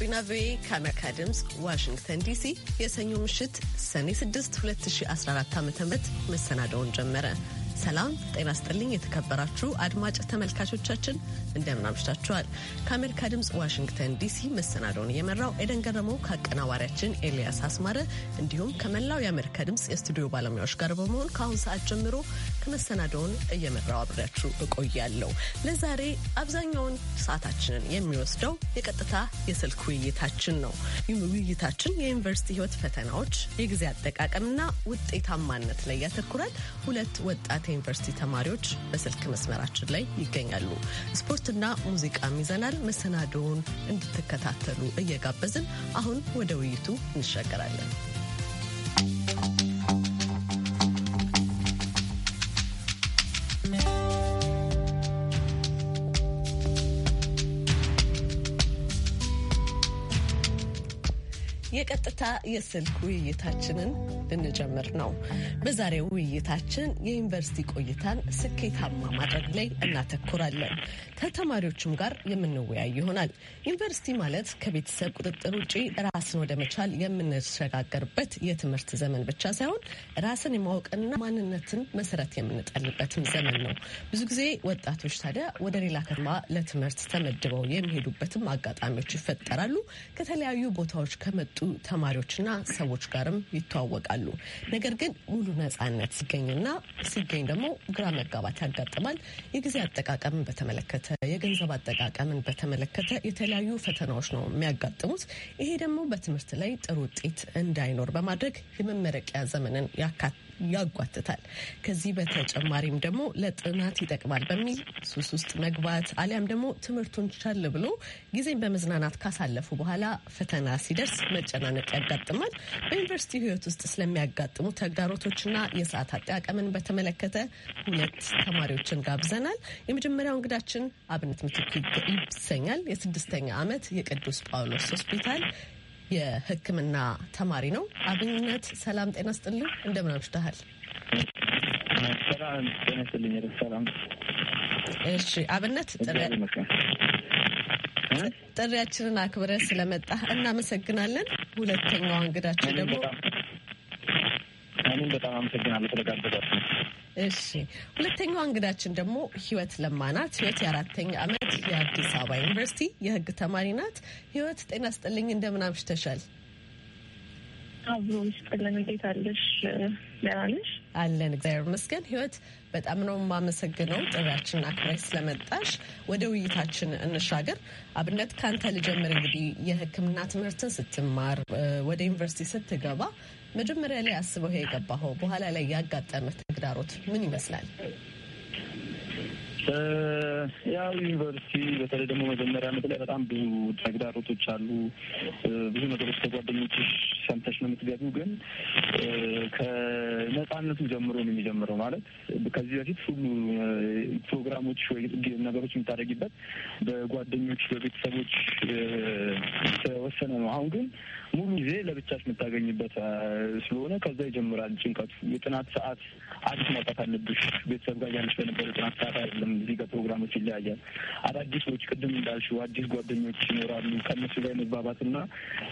ጋቢና ቪኦኤ ከአሜሪካ ድምፅ ዋሽንግተን ዲሲ የሰኞ ምሽት ሰኔ 6 2014 ዓ ም መሰናደውን ጀመረ። ሰላም ጤና ስጥልኝ። የተከበራችሁ አድማጭ ተመልካቾቻችን እንደምን አምሽታችኋል? ከአሜሪካ ድምፅ ዋሽንግተን ዲሲ መሰናዶውን እየመራው ኤደን ገረመው ከአቀናባሪያችን ኤልያስ አስማረ እንዲሁም ከመላው የአሜሪካ ድምፅ የስቱዲዮ ባለሙያዎች ጋር በመሆን ከአሁን ሰዓት ጀምሮ ከመሰናዶውን እየመራው አብሬያችሁ እቆያለሁ። ለዛሬ አብዛኛውን ሰዓታችንን የሚወስደው የቀጥታ የስልክ ውይይታችን ነው። ውይይታችን የዩኒቨርሲቲ ህይወት ፈተናዎች፣ የጊዜ አጠቃቀምና ውጤታማነት ላይ ያተኩራል። ሁለት ወጣት ዩኒቨርሲቲ ተማሪዎች በስልክ መስመራችን ላይ ይገኛሉ። ስፖርትና ሙዚቃም ይዘናል። መሰናዶውን እንድትከታተሉ እየጋበዝን አሁን ወደ ውይይቱ እንሻገራለን። በቀጥታ የስልክ ውይይታችንን ልንጀምር ነው። በዛሬው ውይይታችን የዩኒቨርሲቲ ቆይታን ስኬታማ ማድረግ ላይ እናተኩራለን። ከተማሪዎቹም ጋር የምንወያይ ይሆናል። ዩኒቨርሲቲ ማለት ከቤተሰብ ቁጥጥር ውጪ ራስን ወደ መቻል የምንሸጋገርበት የትምህርት ዘመን ብቻ ሳይሆን ራስን የማወቅና ማንነትን መሰረት የምንጠልበትም ዘመን ነው። ብዙ ጊዜ ወጣቶች ታዲያ ወደ ሌላ ከተማ ለትምህርት ተመድበው የሚሄዱበትም አጋጣሚዎች ይፈጠራሉ። ከተለያዩ ቦታዎች ከመጡ ተማሪዎችና ሰዎች ጋርም ይተዋወቃሉ። ነገር ግን ሙሉ ነጻነት ሲገኝና ሲገኝ ደግሞ ግራ መጋባት ያጋጥማል። የጊዜ አጠቃቀምን በተመለከተ የገንዘብ አጠቃቀምን በተመለከተ የተለያዩ ፈተናዎች ነው የሚያጋጥሙት። ይሄ ደግሞ በትምህርት ላይ ጥሩ ውጤት እንዳይኖር በማድረግ የመመረቂያ ዘመንን ያካትታል ያጓትታል። ከዚህ በተጨማሪም ደግሞ ለጥናት ይጠቅማል በሚል ሱስ ውስጥ መግባት አሊያም ደግሞ ትምህርቱን ቻል ብሎ ጊዜን በመዝናናት ካሳለፉ በኋላ ፈተና ሲደርስ መጨናነቅ ያጋጥማል። በዩኒቨርሲቲ ሕይወት ውስጥ ስለሚያጋጥሙ ተግዳሮቶችና የሰዓት አጠቃቀምን በተመለከተ ሁለት ተማሪዎችን ጋብዘናል። የመጀመሪያው እንግዳችን አብነት ምትክ ይሰኛል። የስድስተኛ ዓመት የቅዱስ ጳውሎስ ሆስፒታል የሕክምና ተማሪ ነው። አብኝነት ሰላም ጤና ስጥልኝ፣ እንደምን አምሽተሃል? እሺ። አብነት ጥሪያችንን አክብረ ስለመጣህ እናመሰግናለን። ሁለተኛው እንግዳችን ደግሞ እኔም በጣም አመሰግናለሁ ስለጋበዛችሁ። እሺ ሁለተኛዋ እንግዳችን ደግሞ ህይወት ለማናት። ህይወት የአራተኛ ዓመት የአዲስ አበባ ዩኒቨርሲቲ የህግ ተማሪ ናት። ህይወት ጤና ስጥልኝ፣ እንደምን አምሽተሻል? አብሮ ስጥልን፣ እንዴት አለሽ? ደህና ነሽ? አለን፣ እግዚአብሔር ይመስገን። ህይወት በጣም ነው የማመሰግነው ጥሪያችንን አክብረሽ ስለመጣሽ። ወደ ውይይታችን እንሻገር። አብነት ከአንተ ልጀምር። እንግዲህ የህክምና ትምህርትን ስትማር ወደ ዩኒቨርሲቲ ስትገባ መጀመሪያ ላይ አስበው የገባኸው በኋላ ላይ ያጋጠመ ተግዳሮት ምን ይመስላል? ያው ዩኒቨርሲቲ በተለይ ደግሞ መጀመሪያ ዓመት ላይ በጣም ብዙ ተግዳሮቶች አሉ። ብዙ ነገሮች ከጓደኞችሽ ሰምተሽ ነው የምትገቢው። ግን ከነጻነቱ ጀምሮ ነው የሚጀምረው። ማለት ከዚህ በፊት ሁሉ ፕሮግራሞች ወይ ነገሮች የምታደርጊበት በጓደኞች በቤተሰቦች ተወሰነ ነው። አሁን ግን ሙሉ ጊዜ ለብቻሽ የምታገኝበት ስለሆነ ከዛ ይጀምራል ጭንቀቱ። የጥናት ሰዓት አዲስ ማውጣት አለብሽ። ቤተሰብ ጋር ያለሽ በነበረ ጥናት ሰዓት አይደለም እንግዲህ ፕሮግራሞች ይለያያል። አዳዲሶች ቅድም እንዳልሽው አዲስ ጓደኞች ይኖራሉ። ከእነሱ ጋር መግባባት እና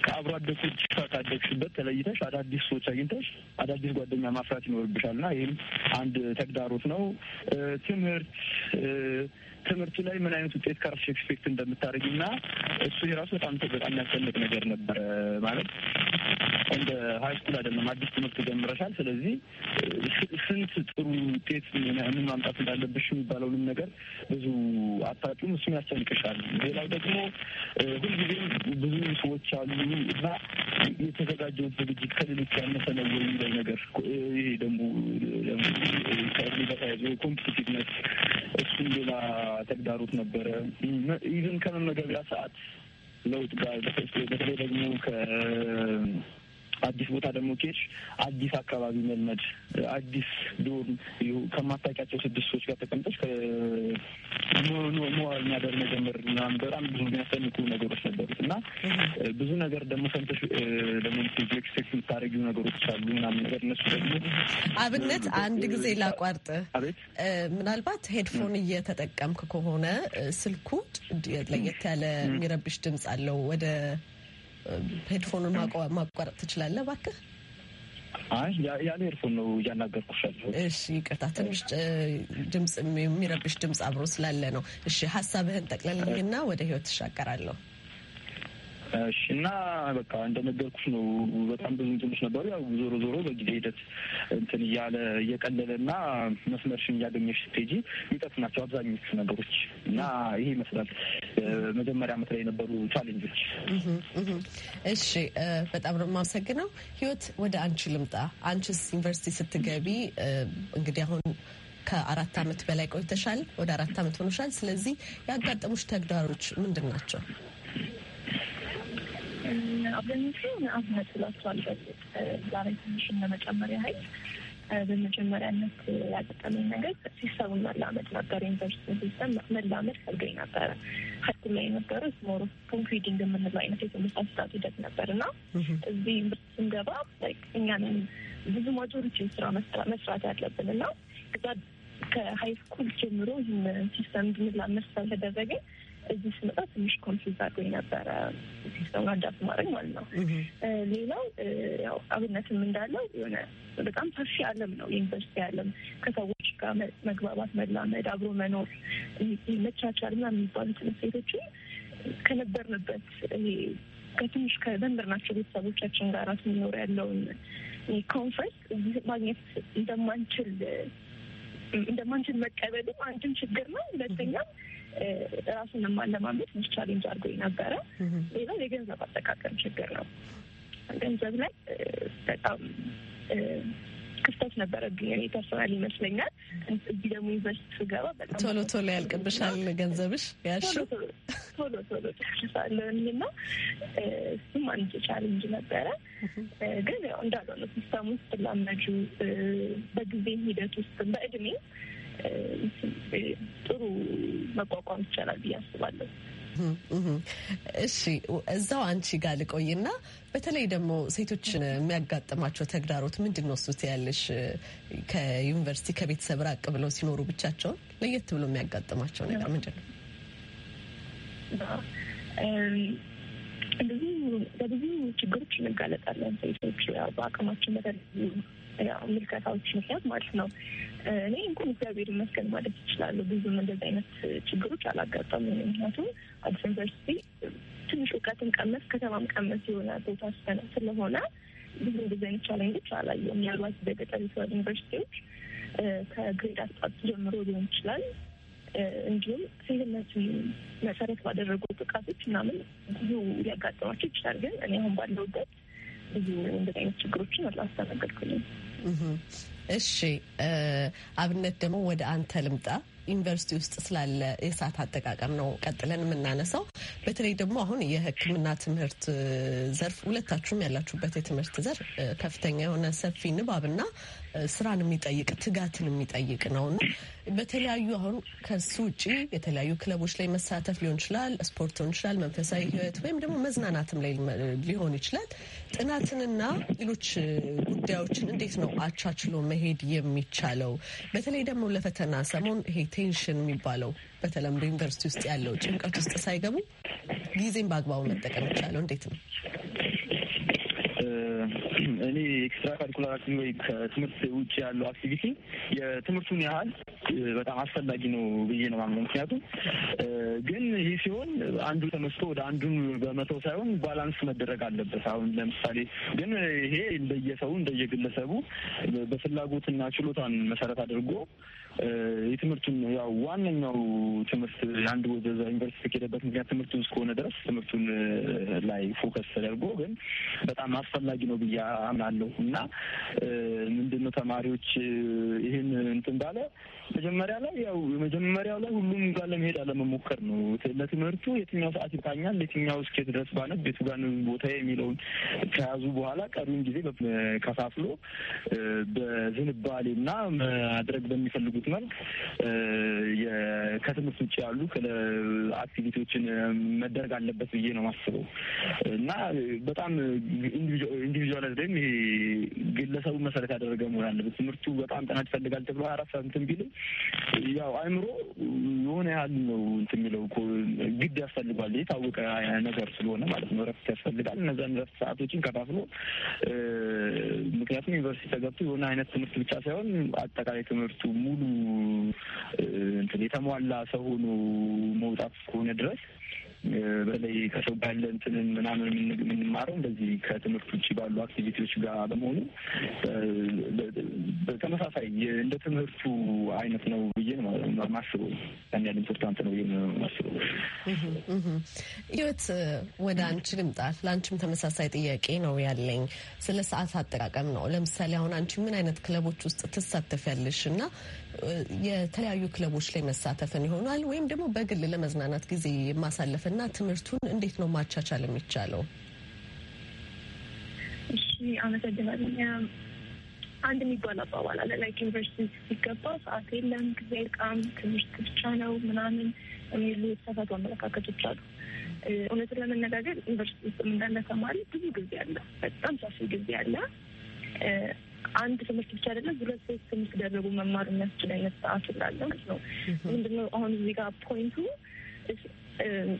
ከአብሮ አደጎች ካደግሽበት ተለይተሽ አዳዲስ ሰዎች አግኝተሽ አዳዲስ ጓደኛ ማፍራት ይኖርብሻል እና ይህም አንድ ተግዳሮት ነው። ትምህርት ትምህርቱ ላይ ምን አይነት ውጤት ካርሽ ኤክስፔክት እንደምታደርግ እና እሱ የራሱ በጣም በጣም የሚያስፈልግ ነገር ነበረ። ማለት እንደ ሀይ ስኩል አይደለም፣ አዲስ ትምህርት ጀምረሻል። ስለዚህ ስንት ጥሩ ውጤት ምን ማምጣት እንዳለብሽ የሚባለውንም ነገር ብዙ አታውቂም። እሱም ያስጨንቅሻል። ሌላው ደግሞ ሁልጊዜም ብዙ ሰዎች አሉ እና የተዘጋጀው ዝግጅት ከሌሎች ያነሰ ነው ወይ የሚለው ነገር ይሄ ደግሞ ከሚ ተያይዞ ኮምፒቲቲቭነት እሱም ሌላ ተግዳሮት ነበረ። ኢቭን ከመመገቢያ ሰዓት ለውጥ ጋር በተለይ ደግሞ አዲስ ቦታ ደግሞ ከሄድሽ አዲስ አካባቢ መልመድ አዲስ ዶር ከማታውቂያቸው ስድስት ሰዎች ጋር ተቀምጠች መዋል ማደር መጀመር ምናምን በጣም ብዙ የሚያስጨንቁ ነገሮች ነበሩት እና ብዙ ነገር ደግሞ ሰምተሽ ደግሞ ኤክስፔክት የምታደርጊው ነገሮች አሉ ምናምን ነገር እነሱ ደግሞ አብነት አንድ ጊዜ ላቋርጥ አቤት ምናልባት ሄድፎን እየተጠቀምክ ከሆነ ስልኩ ለየት ያለ የሚረብሽ ድምፅ አለው ወደ ሄድፎኑን ማቋረጥ ትችላለህ እባክህ። አይ ያለ ኤርፎን ነው እያናገርኩሽ እሺ ይቅርታ፣ ትንሽ ድምፅ የሚረብሽ ድምፅ አብሮ ስላለ ነው። እሺ ሀሳብህን ጠቅለልኝና ወደ ህይወት ትሻገራለሁ። እሺ። እና በቃ እንደነገርኩሽ ነው በጣም ብዙ እንትኖች ነበሩ። ያው ዞሮ ዞሮ በጊዜ ሂደት እንትን እያለ እየቀለለ እና መስመርሽን እያገኘሽ ስትሄጂ የሚጠፉ ናቸው አብዛኞቹ ነገሮች እና ይሄ ይመስላል መጀመሪያ ዓመት ላይ የነበሩ ቻሌንጆች። እሺ፣ በጣም ነው የማመሰግነው። ህይወት ወደ አንቺ ልምጣ። አንቺስ ዩኒቨርሲቲ ስትገቢ እንግዲህ አሁን ከአራት ዓመት በላይ ቆይተሻል። ወደ አራት ዓመት ሆኖሻል። ስለዚህ ያጋጠሙሽ ተግዳሮች ምንድን ናቸው? አብዛኞቹ አዝነት ብላቸዋል። በፊት ዛሬ ትንሽ ለመጨመር ያህል በመጀመሪያነት ያጠቀመኝ ነገር ሲስተሙን መላመድ ነበር። ዩኒቨርሲቲ ሲስተም መላመድ ከብዶኝ ነበረ። ሀይስኩ ላይ የነበረው ሞሮ ኮንፊዲንግ የምንለው አይነት የትምህርት አሰጣጥ ሂደት ነበር እና እዚህ ዩኒቨርሲቲ ስንገባ እኛን ብዙ ማጆሪቲ ስራ መስራት ያለብን እና ከዛ ከሀይስኩል ጀምሮ ይህን ሲስተም እንድንላመድ ስላልተደረገ እዚህ ስመጣ ትንሽ ኮንፊዝ አድርጎኝ ነበረ ሲስተም አዳፕት ማድረግ ማለት ነው። ሌላው ያው አብነትም እንዳለው የሆነ በጣም ሰፊ ዓለም ነው ዩኒቨርሲቲ ዓለም ከሰዎች ጋር መግባባት፣ መላመድ፣ አብሮ መኖር፣ መቻቻል ምናምን የሚባሉ ትምህርት ቤቶችን ከነበርንበት ከትንሽ ከትንሽ ናቸው ቤተሰቦቻችን ጋር ራሱ የሚኖር ያለውን ኮንፈርት ማግኘት እንደማንችል እንደማንችል መቀበልም አንድም ችግር ነው። ሁለተኛም ራሱን ማለማመድ ቻሌንጅ አድርጎ ነበረ። ሌላው የገንዘብ አጠቃቀም ችግር ነው። ገንዘብ ላይ በጣም ክፍተት ነበረብኝ እኔ ፐርሶናል ይመስለኛል። እዚህ ደግሞ ዩኒቨርሲቲ ስገባ በጣም ቶሎ ቶሎ ያልቅብሻል ገንዘብሽ ያሽ ቶሎ ቶሎ ጨርሳለሁኝ እና እሱም አንድ ቻሌንጅ ነበረ። ግን ያው እንዳልሆነ ሲስተሙ ስትላመጁ በጊዜ ሂደት ውስጥ በእድሜ ጥሩ መቋቋም ይቻላል ብዬ አስባለሁ። እሺ እዛው አንቺ ጋር ልቆይና በተለይ ደግሞ ሴቶችን የሚያጋጥማቸው ተግዳሮት ምንድን ነው? እሱት ያለሽ ከዩኒቨርሲቲ ከቤተሰብ ራቅ ብለው ሲኖሩ ብቻቸውን ለየት ብሎ የሚያጋጥማቸው ነገር ምንድን ነው? በብዙ ችግሮች እንጋለጣለን ሴቶች በአቅማችን በተለያዩ ምልከታዎች ምክንያት ማለት ነው። እኔ እንኳን እግዚአብሔር ይመስገን ማለት ይችላሉ። ብዙም እንደዚህ አይነት ችግሮች አላጋጠሙ። ምክንያቱም አዲስ ዩኒቨርሲቲ ትንሽ እውቀትን ቀመስ ከተማም ቀመስ የሆነ ቦታ ስለሆነ ብዙ ጊዜ ቻሌንጆች አላየሁም። ምናልባት ሰ ዩኒቨርሲቲዎች ከግሬድ አስጣት ጀምሮ ሊሆን ይችላል እንዲሁም ሴትነትን መሰረት ባደረጉ ጥቃቶች ምናምን ብዙ ሊያጋጥማቸው ይችላል። ግን እኔ አሁን ባለውበት ብዙ እንደዚህ አይነት ችግሮችን አላስተናገድኩኝም። እሺ አብነት ደግሞ ወደ አንተ ልምጣ። ዩኒቨርሲቲ ውስጥ ስላለ የሰዓት አጠቃቀም ነው ቀጥለን የምናነሳው። በተለይ ደግሞ አሁን የሕክምና ትምህርት ዘርፍ ሁለታችሁም ያላችሁበት የትምህርት ዘርፍ ከፍተኛ የሆነ ሰፊ ንባብና ስራን የሚጠይቅ ትጋትን የሚጠይቅ ነው እና በተለያዩ አሁን ከሱ ውጭ የተለያዩ ክለቦች ላይ መሳተፍ ሊሆን ይችላል፣ ስፖርት ሊሆን ይችላል፣ መንፈሳዊ ህይወት ወይም ደግሞ መዝናናትም ላይ ሊሆን ይችላል። ጥናትንና ሌሎች ጉዳዮችን እንዴት ነው አቻችሎ መሄድ የሚቻለው? በተለይ ደግሞ ለፈተና ሰሞን ይሄ ቴንሽን የሚባለው በተለምዶ ዩኒቨርሲቲ ውስጥ ያለው ጭንቀት ውስጥ ሳይገቡ ጊዜን በአግባቡ መጠቀም ይቻለው እንዴት ነው? ኤክስትራ ካሪኩላር አክቲቪቲ ወይ ከትምህርት ውጭ ያለው አክቲቪቲ የትምህርቱን ያህል በጣም አስፈላጊ ነው ብዬ ነው ማምነው። ምክንያቱም ግን ይህ ሲሆን አንዱ ተመስቶ ወደ አንዱን በመተው ሳይሆን ባላንስ መደረግ አለበት። አሁን ለምሳሌ ግን ይሄ እንደየሰው እንደየግለሰቡ በፍላጎትና ችሎታን መሰረት አድርጎ የትምህርቱን ያው ዋነኛው ትምህርት አንድ ወደ ዩኒቨርሲቲ ከሄደበት ምክንያት ትምህርቱን እስከሆነ ድረስ ትምህርቱን ላይ ፎከስ ተደርጎ ግን በጣም አስፈላጊ ነው ብዬ አምናለሁ። እና ምንድነው ተማሪዎች ይህን እንትን ባለ መጀመሪያ ላይ ያው መጀመሪያው ላይ ሁሉም ጋር ለመሄድ አለመሞከር ነው። ለትምህርቱ የትኛው ሰዓት ይታኛል፣ የትኛው እስኬት ድረስ ባነብ፣ ቤቱ ጋር ቦታ የሚለውን ከያዙ በኋላ ቀሪውን ጊዜ ከፋፍሎ በዝንባሌና ማድረግ በሚፈልጉት መልክ ከትምህርት ውጭ ያሉ አክቲቪቲዎችን መደረግ አለበት ብዬ ነው ማስበው እና በጣም ኢንዲቪጁዋል ይሄ ግለሰቡ መሰረት ያደረገ መሆን አለበት። ትምህርቱ በጣም ጥናት ይፈልጋል ተብሎ አራት እንትን ቢልም ያው አእምሮ የሆነ ያህል ነው እንትን የሚለው ግድ ያስፈልጓል። የታወቀ ነገር ስለሆነ ማለት ነው እረፍት ያስፈልጋል። እነዛን ረፍት ሰዓቶችን ከፋፍሎ ምክንያቱም ዩኒቨርሲቲ ተገብቶ የሆነ አይነት ትምህርት ብቻ ሳይሆን አጠቃላይ ትምህርቱ ሙሉ እንትን የተሟላ ሰው ሆኖ መውጣት ከሆነ ድረስ በተለይ ከሰው ጋር ያለ እንትንን ምናምን የምንማረው እንደዚህ ከትምህርት ውጭ ባሉ አክቲቪቲዎች ጋር በመሆኑ በተመሳሳይ እንደ ትምህርቱ አይነት ነው ብዬ ማስበው ያን ያህል ኢምፖርታንት ነው ብዬ ማስበው። ህይወት ወደ አንቺ ልምጣ። ለአንቺም ተመሳሳይ ጥያቄ ነው ያለኝ ስለ ሰዓት አጠቃቀም ነው። ለምሳሌ አሁን አንቺ ምን አይነት ክለቦች ውስጥ ትሳተፊያለሽ እና የተለያዩ ክለቦች ላይ መሳተፍን ይሆናል ወይም ደግሞ በግል ለመዝናናት ጊዜ የማሳለፍና ትምህርቱን እንዴት ነው ማቻቻል የሚቻለው? እሺ፣ አመሰግናለሁ። አንድ የሚባል አባባል አለ። ላይክ ዩኒቨርሲቲ ሲገባ ሰዓት የለም፣ ጊዜ ቃም ትምህርት ብቻ ነው ምናምን የሚሉ የተሳሳቱ አመለካከቶች አሉ። እውነቱን ለመነጋገር ዩኒቨርሲቲ ውስጥ እንዳለ ተማሪ ብዙ ጊዜ አለ፣ በጣም ሰፊ ጊዜ አለ። አንድ ትምህርት ብቻ አይደለም፣ ሁለት ሶስት ትምህርት ደረጉ መማር የሚያስችል አይነት ሰዓት ስላለ ማለት ነው። ምንድነው አሁን እዚህ ጋር ፖይንቱ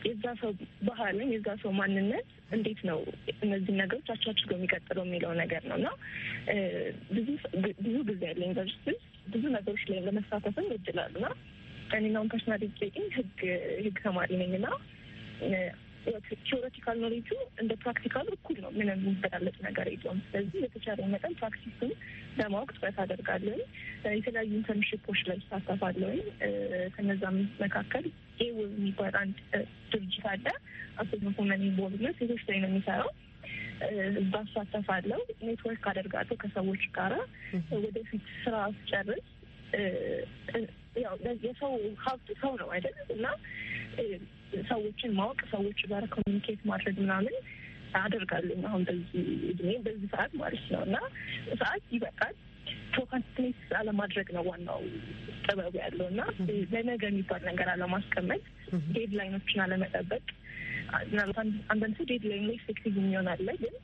የዛ ሰው ባህል ወይም የዛ ሰው ማንነት እንዴት ነው እነዚህ ነገሮች አቻችሎ የሚቀጥለው የሚለው ነገር ነው እና ብዙ ብዙ ጊዜ ያለ ዩኒቨርሲቲ ብዙ ነገሮች ላይ ለመሳተፍም እድላሉ ና እኔ አሁን ፐርሶናል ህግ ህግ ተማሪ ነኝ ና ቴዎሬቲካል ኖሌጁ እንደ ፕራክቲካሉ እኩል ነው። ምንም የሚበላለጥ ነገር የለውም። ስለዚህ የተቻለ መጠን ፕራክቲሱን ለማወቅ ጥረት አደርጋለሁ። የተለያዩ ኢንተርንሽፖች ላይ ይሳተፋለሁ። ከነዛም መካከል ኤው የሚባል አንድ ድርጅት አለ። አሶመኮመን ኢንቮልቭመንት ሴቶች ላይ ነው የሚሰራው። እዛ እሳተፋለሁ። ኔትወርክ አደርጋለሁ ከሰዎች ጋራ ወደፊት ስራ ስጨርስ ያው የሰው ሀብት ሰው ነው አይደል እና ሰዎችን ማወቅ፣ ሰዎች ጋር ኮሚኒኬት ማድረግ ምናምን አደርጋለኝ። አሁን በዚህ እድሜ በዚህ ሰዓት ማለት ነው እና ሰዓት ይበቃል። ፕሮካስቲኔት አለማድረግ ነው ዋናው ጥበቡ ያለው እና ለነገ የሚባል ነገር አለማስቀመጥ፣ ዴድላይኖችን አለመጠበቅ። አንዳንድ ሰው ዴድላይን ላይ ኤፌክቲቭ የሚሆናለ ግን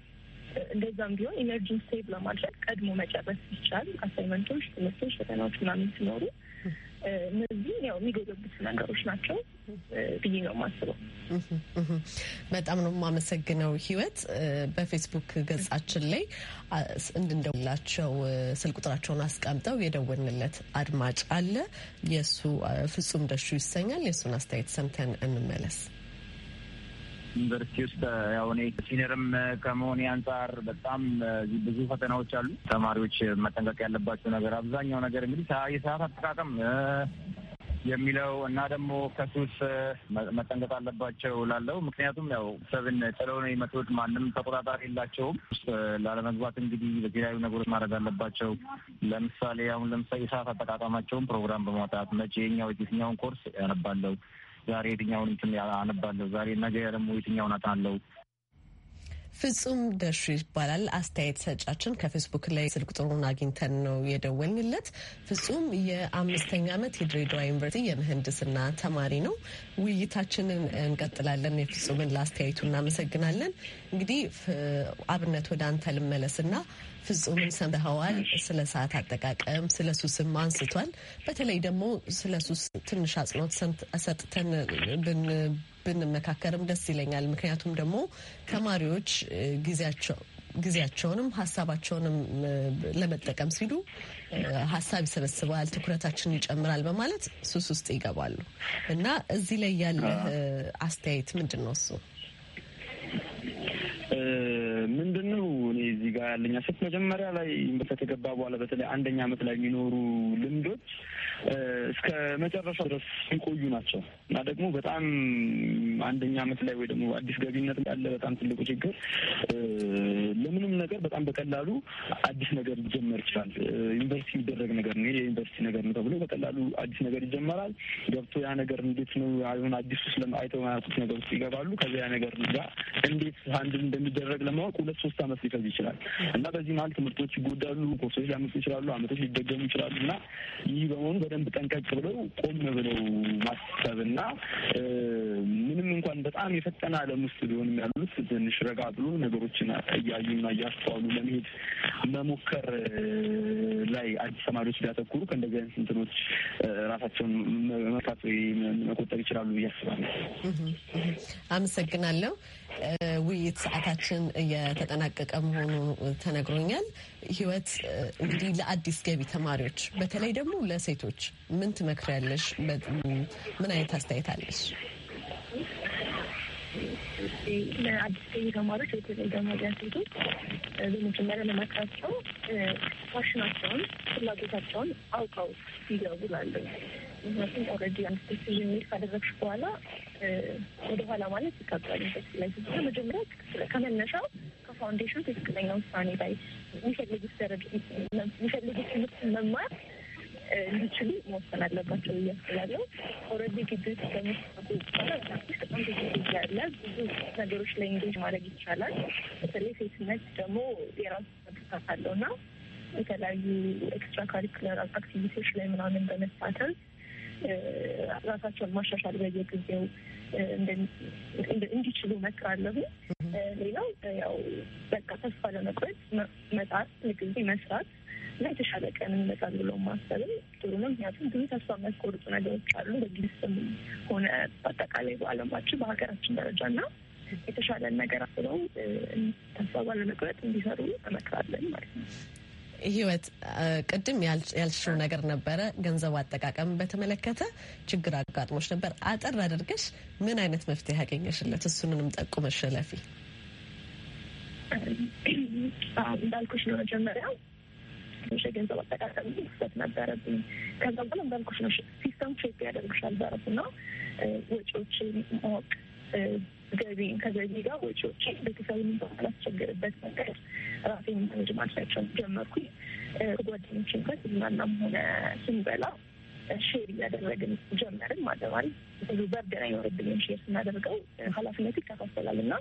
እንደዛም ቢሆን ኢነርጂን ሴቭ ለማድረግ ቀድሞ መጨረስ ይቻል። አሳይመንቶች፣ ትምህርቶች፣ ፈተናዎች ምናምን ሲኖሩ እነዚህ ያው የሚጎለብቱ ነገሮች ናቸው ብዬ ነው የማስበው። በጣም ነው የማመሰግነው ህይወት። በፌስቡክ ገጻችን ላይ እንድንደውላቸው ስልክ ቁጥራቸውን አስቀምጠው የደወልንለት አድማጭ አለ። የእሱ ፍጹም ደሹ ይሰኛል። የእሱን አስተያየት ሰምተን እንመለስ። ዩኒቨርሲቲ ውስጥ ያው እኔ ሲኒየርም ከመሆኔ አንጻር በጣም ብዙ ፈተናዎች አሉ። ተማሪዎች መጠንቀቅ ያለባቸው ነገር አብዛኛው ነገር እንግዲህ የሰዓት አጠቃቀም የሚለው እና ደግሞ ከሱስ መጠንቀቅ አለባቸው ላለው ምክንያቱም ያው ሰብን ጥለው ነው የመጡት። ማንም ተቆጣጣሪ የላቸውም። ውስጥ ላለመግባት እንግዲህ በተለያዩ ነገሮች ማድረግ አለባቸው። ለምሳሌ አሁን ለምሳሌ የሰዓት አጠቃቀማቸውን ፕሮግራም በማውጣት መቼ የኛው የትኛውን ኮርስ ያነባለው ዛሬ የትኛውን እንትን አነባለሁ፣ ዛሬ ነገ ደግሞ የትኛውን አጣለሁ ፍጹም ደሹ ይባላል አስተያየት ሰጫችን። ከፌስቡክ ላይ ስልክ ቁጥሩን አግኝተን ነው የደወልንለት። ፍጹም የአምስተኛ ዓመት የድሬዳዋ ዩኒቨርሲቲ የምህንድስና ተማሪ ነው። ውይይታችንን እንቀጥላለን። የፍጹምን ለአስተያየቱ እናመሰግናለን። እንግዲህ አብነት ወደ አንተ ልመለስና ፍጹምን ሰምተኸዋል። ስለ ሰዓት አጠቃቀም ስለ ሱስም አንስቷል። በተለይ ደግሞ ስለ ሱስ ትንሽ አጽንኦት ሰጥተን ብንመካከርም ደስ ይለኛል። ምክንያቱም ደግሞ ተማሪዎች ጊዜያቸው ጊዜያቸውንም ሀሳባቸውንም ለመጠቀም ሲሉ ሀሳብ ይሰበስባል፣ ትኩረታችንን ይጨምራል በማለት ሱስ ውስጥ ይገባሉ እና እዚህ ላይ ያለህ አስተያየት ምንድን ነው? እሱ ምንድን ጋር ያለኝ አሰት መጀመሪያ ላይ ዩኒቨርስቲ በኋላ በተለይ አንደኛ ዓመት ላይ የሚኖሩ ልምዶች እስከ መጨረሻ ድረስ የሚቆዩ ናቸው እና ደግሞ በጣም አንደኛ ዓመት ላይ ወይ ደግሞ አዲስ ገቢነት ያለ በጣም ትልቁ ችግር ለምንም ነገር በጣም በቀላሉ አዲስ ነገር ሊጀመር ይችላል። ዩኒቨርሲቲ የሚደረግ ነገር ነው፣ የዩኒቨርሲቲ ነገር ነው ተብሎ በቀላሉ አዲስ ነገር ይጀመራል። ገብቶ ያ ነገር እንዴት ነው አሁን አዲሱ ስለአይተው ማያውቁት ነገር ውስጥ ይገባሉ። ከዚያ ነገር ጋር እንዴት አንድ እንደሚደረግ ለማወቅ ሁለት ሶስት ዓመት ሊፈጅ ይችላል። እና በዚህ መሀል ትምህርቶች ይጎዳሉ፣ ኮርሶች ሊያመጡ ይችላሉ፣ አመቶች ሊደገሙ ይችላሉ። እና ይህ በመሆኑ በደንብ ጠንቀቅ ብለው ቆም ብለው ማሰብ እና ምንም እንኳን በጣም የፈጠነ ዓለም ውስጥ ቢሆንም ያሉት ትንሽ ረጋ ብሎ ነገሮችን እያዩና እያስተዋሉ ለመሄድ መሞከር ላይ አዲስ ተማሪዎች ቢያተኩሩ ከእንደዚህ አይነት እንትኖች ራሳቸውን መርታት መቆጠብ ይችላሉ ብዬ አስባለሁ። አመሰግናለሁ። ውይይት ሰዓታችን እየተጠናቀቀ መሆኑ ተነግሮኛል። ህይወት እንግዲህ ለአዲስ ገቢ ተማሪዎች በተለይ ደግሞ ለሴቶች ምን ትመክሪያለሽ? ምን አይነት አስተያየት አለሽ? ለአዲስ ገቢ ተማሪዎች በተለይ ደግሞ ሴቶች በመጀመሪያ ለመክራቸው ፋሽናቸውን፣ ፍላጎታቸውን አውቀው ይገቡ ምክንያቱም ኦልሬዲ አንስቴ የሚል ካደረግሽ በኋላ ወደኋላ ማለት ይከብዳል። ዩኒቨርሲቲ ላይ ስለ መጀመሪያ ከመነሻው ከፋውንዴሽን ትክክለኛ ውሳኔ ላይ የሚፈልጉት ትምህርት መማር እንዲችሉ መወሰን አለባቸው እያስላለው ኦልሬዲ ግቢ ውስጥ በሚሰሩ በጣም ብዙ ጊዜ ያለ ብዙ ነገሮች ላይ እንጌጅ ማድረግ ይቻላል። በተለይ ሴትነት ደግሞ የራሱ መብቃት አለው እና የተለያዩ ኤክስትራ ካሪኩለር አክቲቪቲዎች ላይ ምናምን በመሳተፍ ራሳቸውን ማሻሻል በየጊዜው እንዲችሉ መክራለሁ ሌላው ያው በቃ ተስፋ ለመቁረጥ መጣር ሁልጊዜ መስራት እና የተሻለ ቀን እንመጣል ብሎ ማሰብም ጥሩ ነው። ምክንያቱም ብዙ ተስፋ የሚያስቆርጡ ነገሮች አሉ በግልጽም ሆነ በአጠቃላይ በዓለማችን በሀገራችን ደረጃ እና የተሻለን ነገር አስበው ተስፋ ባለመቁረጥ እንዲሰሩ እመክራለን ማለት ነው። ህይወት ቅድም ያልሽው ነገር ነበረ፣ ገንዘቡ አጠቃቀም በተመለከተ ችግር አጋጥሞች ነበር። አጠር አድርገሽ ምን አይነት መፍትሄ ያገኘሽለት እሱንንም ጠቁመሽ ለፊ እንዳልኩሽ ነው መጀመሪያ ትንሽ የገንዘብ አጠቃቀም ስህተት ነበረብኝ። ከዛ በኋላ እንዳልኩሽ ነው ሲስተም ቼክ ያደርግሻል ዘርፍ እና ወጪዎችን ማወቅ ገቢን ከገቢ ጋር ወጪዎች ቤተሰብ ባላስቸግርበት መንገድ ራሴ ማኔጅ ማድረጋቸውን ጀመርኩኝ። ጓደኞችን ጋር ስናናም ሆነ ስንበላ ሼር እያደረግን ጀመርን። ማለማል ብዙ በርደን አይኖርብንም። ሼር ስናደርገው ኃላፊነት ይከፋፈላል እና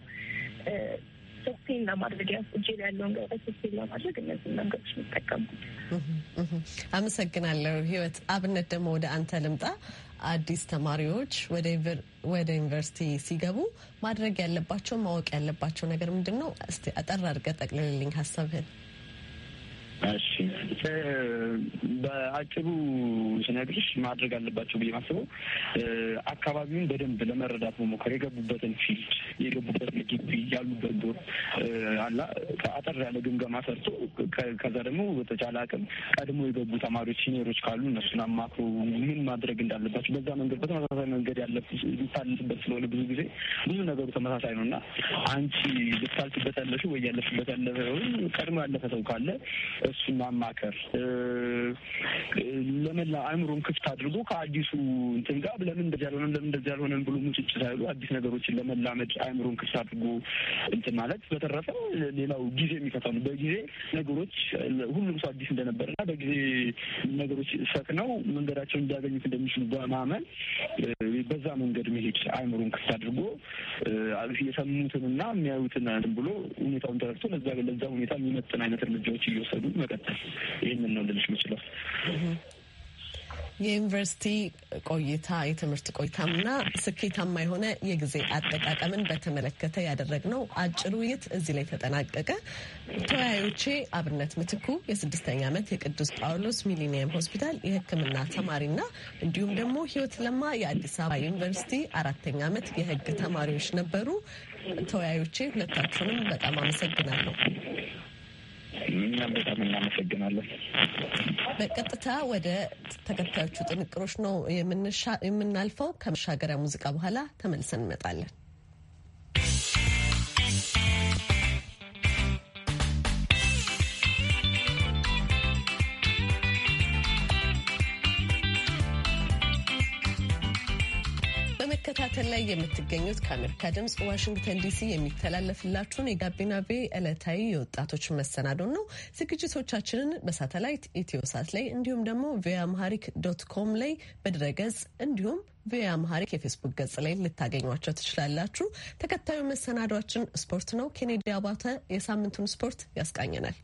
ሶፍቴን ለማድረግ ያው እጄ ላይ ያለውን ገበ ሶፍቴን ለማድረግ እነዚህ መንገዶች የሚጠቀምኩት። አመሰግናለሁ ህይወት። አብነት ደግሞ ወደ አንተ ልምጣ። አዲስ ተማሪዎች ወደ ዩኒቨርሲቲ ሲገቡ ማድረግ ያለባቸው ማወቅ ያለባቸው ነገር ምንድን ነው? እስቲ አጠር አድርገህ ጠቅልልልኝ ሀሳብህን። እሺ በአጭሩ ስነግርሽ ማድረግ አለባቸው ብዬ ማስበው አካባቢውን በደንብ ለመረዳት መሞከር፣ የገቡበትን ፊልድ፣ የገቡበት ግቢ፣ ያሉበት ዶር አላ አጠር ያለ ግምገማ ሰርቶ ከዛ ደግሞ በተቻለ አቅም ቀድሞ የገቡ ተማሪዎች ሲኒየሮች ካሉ እነሱን አማክሮ ምን ማድረግ እንዳለባቸው በዛ መንገድ በተመሳሳይ መንገድ ያለሳልበት ስለሆነ ብዙ ጊዜ ብዙ ነገሩ ተመሳሳይ ነው እና አንቺ ልታልፍበት ያለሽ ወይ ያለፍበት ያለ ቀድሞ ያለፈ ሰው ካለ እሱን ማማከር ለመላ አእምሮን ክፍት አድርጎ ከአዲሱ እንትን ጋር ለምን እንደዚህ አልሆነም ለምን እንደዚህ ያልሆነን ብሎ ሙጭጭ ሳይሉ አዲስ ነገሮችን ለመላመድ አእምሮን ክፍት አድርጎ እንትን ማለት። በተረፈ ሌላው ጊዜ የሚፈታው ነው። በጊዜ ነገሮች ሁሉም ሰው አዲስ እንደነበር እና በጊዜ ነገሮች ሰክነው መንገዳቸውን እንዲያገኙት እንደሚችሉ በማመን በዛ መንገድ መሄድ አእምሮን ክፍት አድርጎ የሰሙትንና የሚያዩትን ብሎ ሁኔታውን ተረድቶ ለዛ ሁኔታ የሚመጥን አይነት እርምጃዎች እየወሰዱ መቀጠል። ይህንን ነው ልልሽ ምችለው። የዩኒቨርሲቲ ቆይታ የትምህርት ቆይታምና ስኬታማ የሆነ የጊዜ አጠቃቀምን በተመለከተ ያደረግነው አጭር ውይይት እዚህ ላይ ተጠናቀቀ። ተወያዮቼ አብነት ምትኩ የስድስተኛ ዓመት የቅዱስ ጳውሎስ ሚሊኒየም ሆስፒታል የሕክምና ተማሪና እንዲሁም ደግሞ ህይወት ለማ የአዲስ አበባ ዩኒቨርሲቲ አራተኛ ዓመት የህግ ተማሪዎች ነበሩ። ተወያዮቼ ሁለታችሁንም በጣም አመሰግናለሁ። እኛም በጣም እናመሰግናለን። በቀጥታ ወደ ተከታዮቹ ጥንቅሮች ነው የምናልፈው። ከመሻገሪያ ሙዚቃ በኋላ ተመልሰን እንመጣለን። በመከታተል ላይ የምትገኙት ከአሜሪካ ድምጽ ዋሽንግተን ዲሲ የሚተላለፍላችሁን የጋቢና ቤ ዕለታዊ የወጣቶች መሰናዶ ነው። ዝግጅቶቻችንን በሳተላይት ኢትዮሳት ላይ እንዲሁም ደግሞ ቪያ አምሃሪክ ዶት ኮም ላይ በድረገጽ እንዲሁም ቪያ አምሃሪክ የፌስቡክ ገጽ ላይ ልታገኟቸው ትችላላችሁ። ተከታዩ መሰናዷችን ስፖርት ነው። ኬኔዲ አባተ የሳምንቱን ስፖርት ያስቃኘናል።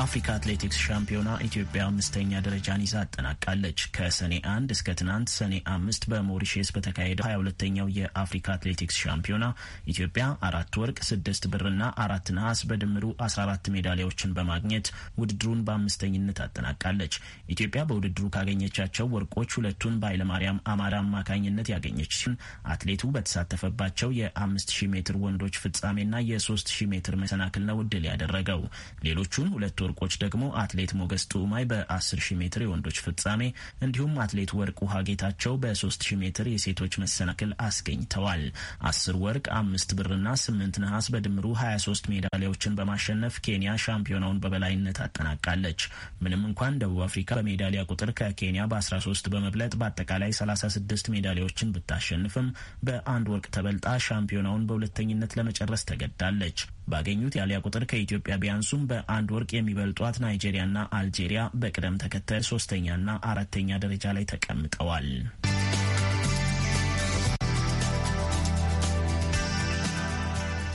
የአፍሪካ አትሌቲክስ ሻምፒዮና ኢትዮጵያ አምስተኛ ደረጃን ይዛ አጠናቃለች። ከሰኔ አንድ እስከ ትናንት ሰኔ አምስት በሞሪሼስ በተካሄደው ሀያ ሁለተኛው የአፍሪካ አትሌቲክስ ሻምፒዮና ኢትዮጵያ አራት ወርቅ፣ ስድስት ብርና አራት ነሐስ በድምሩ አስራ አራት ሜዳሊያዎችን በማግኘት ውድድሩን በአምስተኝነት አጠናቃለች። ኢትዮጵያ በውድድሩ ካገኘቻቸው ወርቆች ሁለቱን በኃይለማርያም አማራ አማካኝነት ያገኘች ሲሆን አትሌቱ በተሳተፈባቸው የአምስት ሺህ ሜትር ወንዶች ፍጻሜና የሶስት ሺህ ሜትር መሰናክል ነው ድል ያደረገው ሌሎቹን ሁለት ወርቆች ደግሞ አትሌት ሞገስ ጡማይ በ10 ሜትር የወንዶች ፍጻሜ እንዲሁም አትሌት ወርቅ ውሃ ጌታቸው በ3 ሜትር የሴቶች መሰናክል አስገኝተዋል። 10 ወርቅ፣ አምስት ብርና ስምንት ነሐስ በድምሩ 23 ሜዳሊያዎችን በማሸነፍ ኬንያ ሻምፒዮናውን በበላይነት አጠናቃለች። ምንም እንኳን ደቡብ አፍሪካ በሜዳሊያ ቁጥር ከኬንያ በ13 በመብለጥ በአጠቃላይ 36 ሜዳሊያዎችን ብታሸንፍም በአንድ ወርቅ ተበልጣ ሻምፒዮናውን በሁለተኝነት ለመጨረስ ተገዳለች። ባገኙት ያሊያ ቁጥር ከኢትዮጵያ ቢያንሱም በአንድ ወርቅ የሚበልጧት ናይጄሪያና አልጄሪያ በቅደም ተከተል ሶስተኛና አራተኛ ደረጃ ላይ ተቀምጠዋል።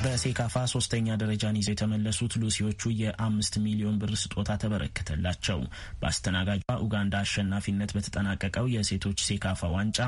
በሴካፋ ሶስተኛ ደረጃን ይዘው የተመለሱት ሉሲዎቹ የአምስት ሚሊዮን ብር ስጦታ ተበረከተላቸው። በአስተናጋጇ ኡጋንዳ አሸናፊነት በተጠናቀቀው የሴቶች ሴካፋ ዋንጫ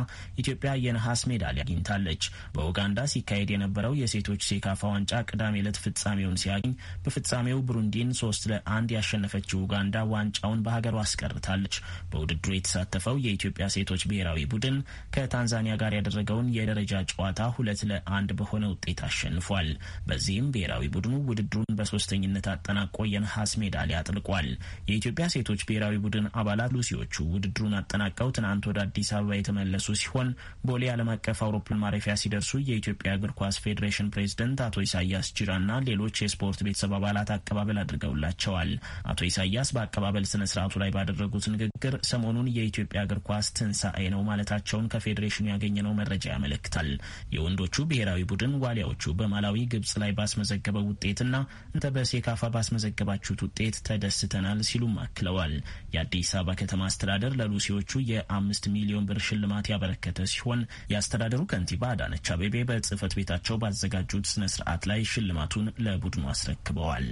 ኢትዮጵያ የነሐስ ሜዳሊያ አግኝታለች። በኡጋንዳ ሲካሄድ የነበረው የሴቶች ሴካፋ ዋንጫ ቅዳሜ ዕለት ፍጻሜውን ሲያገኝ በፍጻሜው ቡሩንዲን ሶስት ለአንድ ያሸነፈችው ኡጋንዳ ዋንጫውን በሀገሯ አስቀርታለች። በውድድሩ የተሳተፈው የኢትዮጵያ ሴቶች ብሔራዊ ቡድን ከታንዛኒያ ጋር ያደረገውን የደረጃ ጨዋታ ሁለት ለአንድ በሆነ ውጤት አሸንፏል። በዚህም ብሔራዊ ቡድኑ ውድድሩን በሶስተኝነት አጠናቆ የነሐስ ሜዳሊያ አጥልቋል። የኢትዮጵያ ሴቶች ብሔራዊ ቡድን አባላት ሉሲዎቹ ውድድሩን አጠናቀው ትናንት ወደ አዲስ አበባ የተመለሱ ሲሆን ቦሌ ዓለም አቀፍ አውሮፕላን ማረፊያ ሲደርሱ የኢትዮጵያ እግር ኳስ ፌዴሬሽን ፕሬዝደንት አቶ ኢሳያስ ጅራና ሌሎች የስፖርት ቤተሰብ አባላት አቀባበል አድርገውላቸዋል። አቶ ኢሳያስ በአቀባበል ስነ ስርዓቱ ላይ ባደረጉት ንግግር ሰሞኑን የኢትዮጵያ እግር ኳስ ትንሳኤ ነው ማለታቸውን ከፌዴሬሽኑ ያገኘነው መረጃ ያመለክታል። የወንዶቹ ብሔራዊ ቡድን ዋሊያዎቹ በማላዊ ግብጽ ላይ ባስመዘገበው ውጤትና እንተ በሴካፋ ባስመዘገባችሁት ውጤት ተደስተናል ሲሉም አክለዋል። የአዲስ አበባ ከተማ አስተዳደር ለሉሲዎቹ የአምስት ሚሊዮን ብር ሽልማት ያበረከተ ሲሆን የአስተዳደሩ ከንቲባ አዳነች አቤቤ በጽህፈት ቤታቸው ባዘጋጁት ስነ ስርዓት ላይ ሽልማቱን ለቡድኑ አስረክበዋል።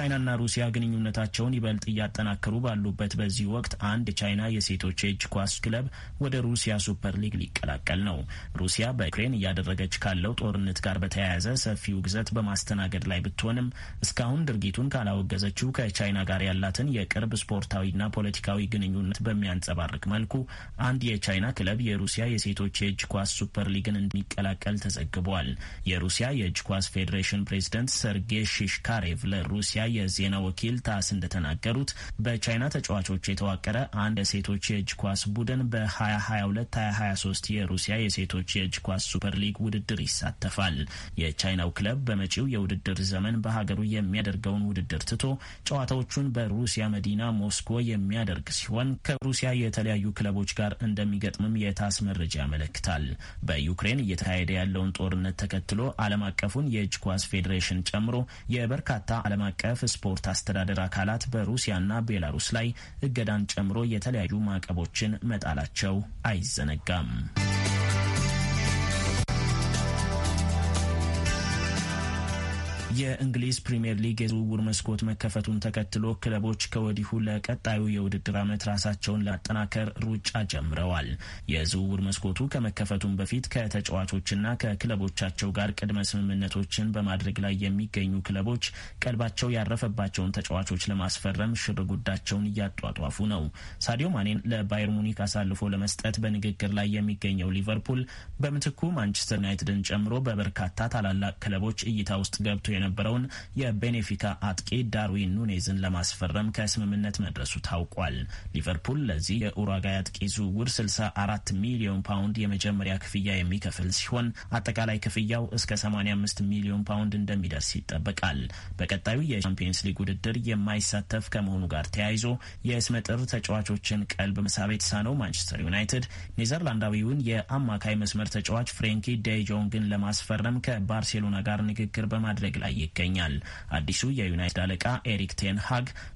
ቻይናና ሩሲያ ግንኙነታቸውን ይበልጥ እያጠናከሩ ባሉበት በዚህ ወቅት አንድ ቻይና የሴቶች የእጅ ኳስ ክለብ ወደ ሩሲያ ሱፐር ሊግ ሊቀላቀል ነው። ሩሲያ በዩክሬን እያደረገች ካለው ጦርነት ጋር በተያያዘ ሰፊ ውግዘት በማስተናገድ ላይ ብትሆንም እስካሁን ድርጊቱን ካላወገዘችው ከቻይና ጋር ያላትን የቅርብ ስፖርታዊና ፖለቲካዊ ግንኙነት በሚያንጸባርቅ መልኩ አንድ የቻይና ክለብ የሩሲያ የሴቶች የእጅ ኳስ ሱፐር ሊግን እንደሚቀላቀል ተዘግቧል። የሩሲያ የእጅ ኳስ ፌዴሬሽን ፕሬዚደንት ሰርጌ ሽሽካሬቭ ለሩሲያ የዜና ወኪል ታስ እንደተናገሩት በቻይና ተጫዋቾች የተዋቀረ አንድ የሴቶች የእጅ ኳስ ቡድን በ2022 2023 የሩሲያ የሴቶች የእጅ ኳስ ሱፐር ሊግ ውድድር ይሳተፋል። የቻይናው ክለብ በመጪው የውድድር ዘመን በሀገሩ የሚያደርገውን ውድድር ትቶ ጨዋታዎቹን በሩሲያ መዲና ሞስኮ የሚያደርግ ሲሆን ከሩሲያ የተለያዩ ክለቦች ጋር እንደሚገጥምም የታስ መረጃ ያመለክታል። በዩክሬን እየተካሄደ ያለውን ጦርነት ተከትሎ ዓለም አቀፉን የእጅ ኳስ ፌዴሬሽን ጨምሮ የበርካታ ዓለም አቀፍ አቀፍ ስፖርት አስተዳደር አካላት በሩሲያና ቤላሩስ ላይ እገዳን ጨምሮ የተለያዩ ማዕቀቦችን መጣላቸው አይዘነጋም። የእንግሊዝ ፕሪምየር ሊግ የዝውውር መስኮት መከፈቱን ተከትሎ ክለቦች ከወዲሁ ለቀጣዩ የውድድር ዓመት ራሳቸውን ለማጠናከር ሩጫ ጀምረዋል። የዝውውር መስኮቱ ከመከፈቱን በፊት ከተጫዋቾችና ከክለቦቻቸው ጋር ቅድመ ስምምነቶችን በማድረግ ላይ የሚገኙ ክለቦች ቀልባቸው ያረፈባቸውን ተጫዋቾች ለማስፈረም ሽር ጉዳቸውን እያጧጧፉ ነው። ሳዲዮ ማኔን ለባየር ሙኒክ አሳልፎ ለመስጠት በንግግር ላይ የሚገኘው ሊቨርፑል በምትኩ ማንቸስተር ዩናይትድን ጨምሮ በበርካታ ታላላቅ ክለቦች እይታ ውስጥ ገብቶ የነበረውን የቤኔፊካ አጥቂ ዳርዊን ኑኔዝን ለማስፈረም ከስምምነት መድረሱ ታውቋል። ሊቨርፑል ለዚህ የኡራጋይ አጥቂ ዝውውር 64 ሚሊዮን ፓውንድ የመጀመሪያ ክፍያ የሚከፍል ሲሆን አጠቃላይ ክፍያው እስከ 85 ሚሊዮን ፓውንድ እንደሚደርስ ይጠበቃል። በቀጣዩ የቻምፒየንስ ሊግ ውድድር የማይሳተፍ ከመሆኑ ጋር ተያይዞ የስመጥር ተጫዋቾችን ቀልብ መሳብ የተሳነው ማንቸስተር ዩናይትድ ኔዘርላንዳዊውን የአማካይ መስመር ተጫዋች ፍሬንኪ ዴጆንግን ለማስፈረም ከባርሴሎና ጋር ንግግር በማድረግ ላይ ላይ ይገኛል። አዲሱ የዩናይትድ አለቃ ኤሪክ ቴን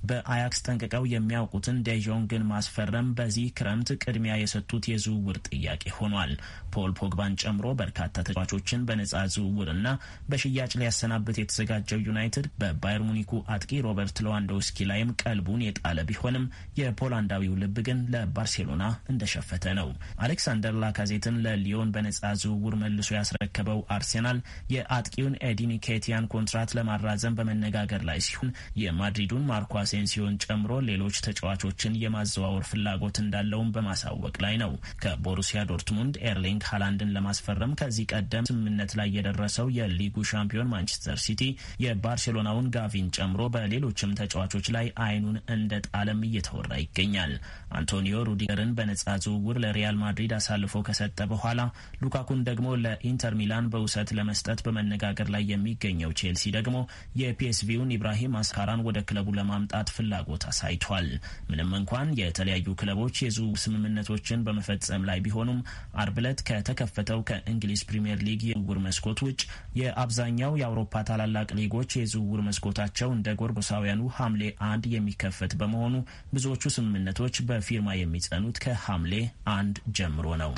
በአያክስ ጠንቅቀው የሚያውቁትን ዴጆንግን ማስፈረም በዚህ ክረምት ቅድሚያ የሰጡት የዝውውር ጥያቄ ሆኗል። ፖል ፖግባን ጨምሮ በርካታ ተጫዋቾችን በነጻ ዝውውርና በሽያጭ ሊያሰናብት የተዘጋጀው ዩናይትድ በባየር ሙኒኩ አጥቂ ሮበርት ሌዋንዶውስኪ ላይም ቀልቡን የጣለ ቢሆንም የፖላንዳዊው ልብ ግን ለባርሴሎና እንደሸፈተ ነው። አሌክሳንደር ላካዜትን ለሊዮን በነጻ ዝውውር መልሶ ያስረከበው አርሴናል የአጥቂውን ኤዲኒ ኬቲያን ኮንትራት ለማራዘም በመነጋገር ላይ ሲሆን የማድሪዱን ማርኮ አሴንሲዮን ጨምሮ ሌሎች ተጫዋቾችን የማዘዋወር ፍላጎት እንዳለውም በማሳወቅ ላይ ነው። ከቦሩሲያ ዶርትሙንድ ኤርሊንግ ሃላንድን ለማስፈረም ከዚህ ቀደም ስምምነት ላይ የደረሰው የሊጉ ሻምፒዮን ማንቸስተር ሲቲ የባርሴሎናውን ጋቪን ጨምሮ በሌሎችም ተጫዋቾች ላይ አይኑን እንደ ጣለም እየተወራ ይገኛል። አንቶኒዮ ሩዲገርን በነጻ ዝውውር ለሪያል ማድሪድ አሳልፎ ከሰጠ በኋላ ሉካኩን ደግሞ ለኢንተር ሚላን በውሰት ለመስጠት በመነጋገር ላይ የሚገኘው ቼ ቼልሲ ደግሞ የፒኤስቪውን ኢብራሂም አስካራን ወደ ክለቡ ለማምጣት ፍላጎት አሳይቷል። ምንም እንኳን የተለያዩ ክለቦች የዝውውር ስምምነቶችን በመፈጸም ላይ ቢሆኑም አርብ ዕለት ከተከፈተው ከእንግሊዝ ፕሪምየር ሊግ የዝውውር መስኮት ውጭ የአብዛኛው የአውሮፓ ታላላቅ ሊጎች የዝውውር መስኮታቸው እንደ ጎርጎሳውያኑ ሐምሌ አንድ የሚከፈት በመሆኑ ብዙዎቹ ስምምነቶች በፊርማ የሚጸኑት ከሐምሌ አንድ ጀምሮ ነው።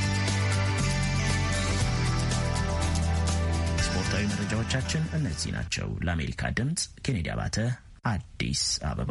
ወቅታዊ መረጃዎቻችን እነዚህ ናቸው። ለአሜሪካ ድምፅ ኬኔዲ አባተ አዲስ አበባ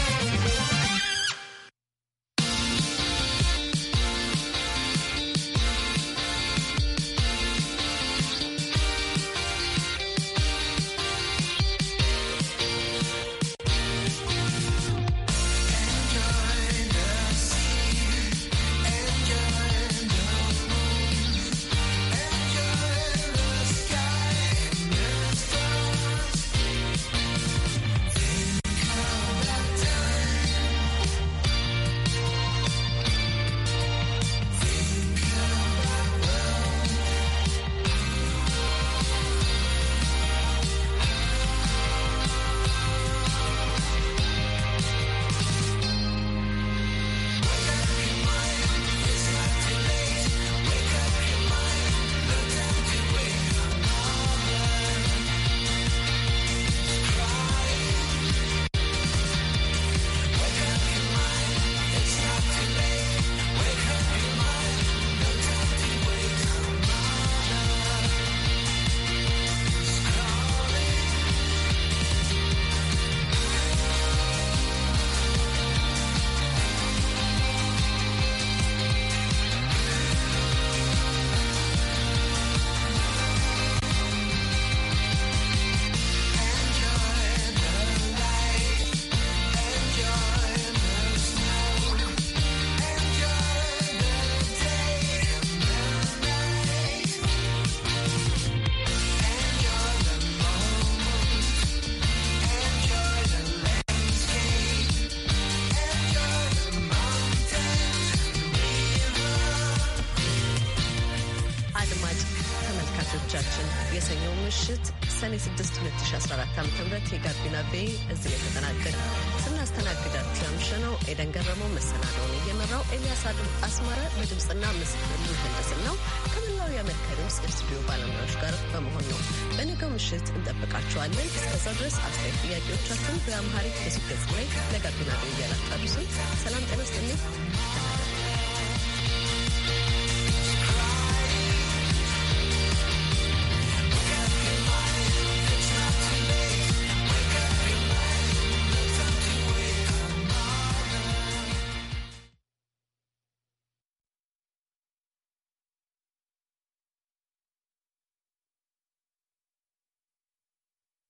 ምሽት ሰኔ 6 2014 ዓ ም የጋቢና ቤ እዚህ ላይ ተጠናቀቀ። ስናስተናግዳችሁ ያምሸነው ኤደን ገረመው መሰናደውን እየመራው ኤልያስ አስመረ በድምፅና ምስል ምህንድስና ነው ከመላው የአሜሪካ ድምፅ የስቱዲዮ ባለሙያዎች ጋር በመሆን ነው። በነገው ምሽት እንጠብቃችኋለን። እስከዛ ድረስ አስተያየት ጥያቄዎቻችን በአምሃሪክ ፌስቡክ ገጽ ላይ ለጋቢና ቤ እያላጣሉ አድርሱን። ሰላም ጤና ይስጥልኝ።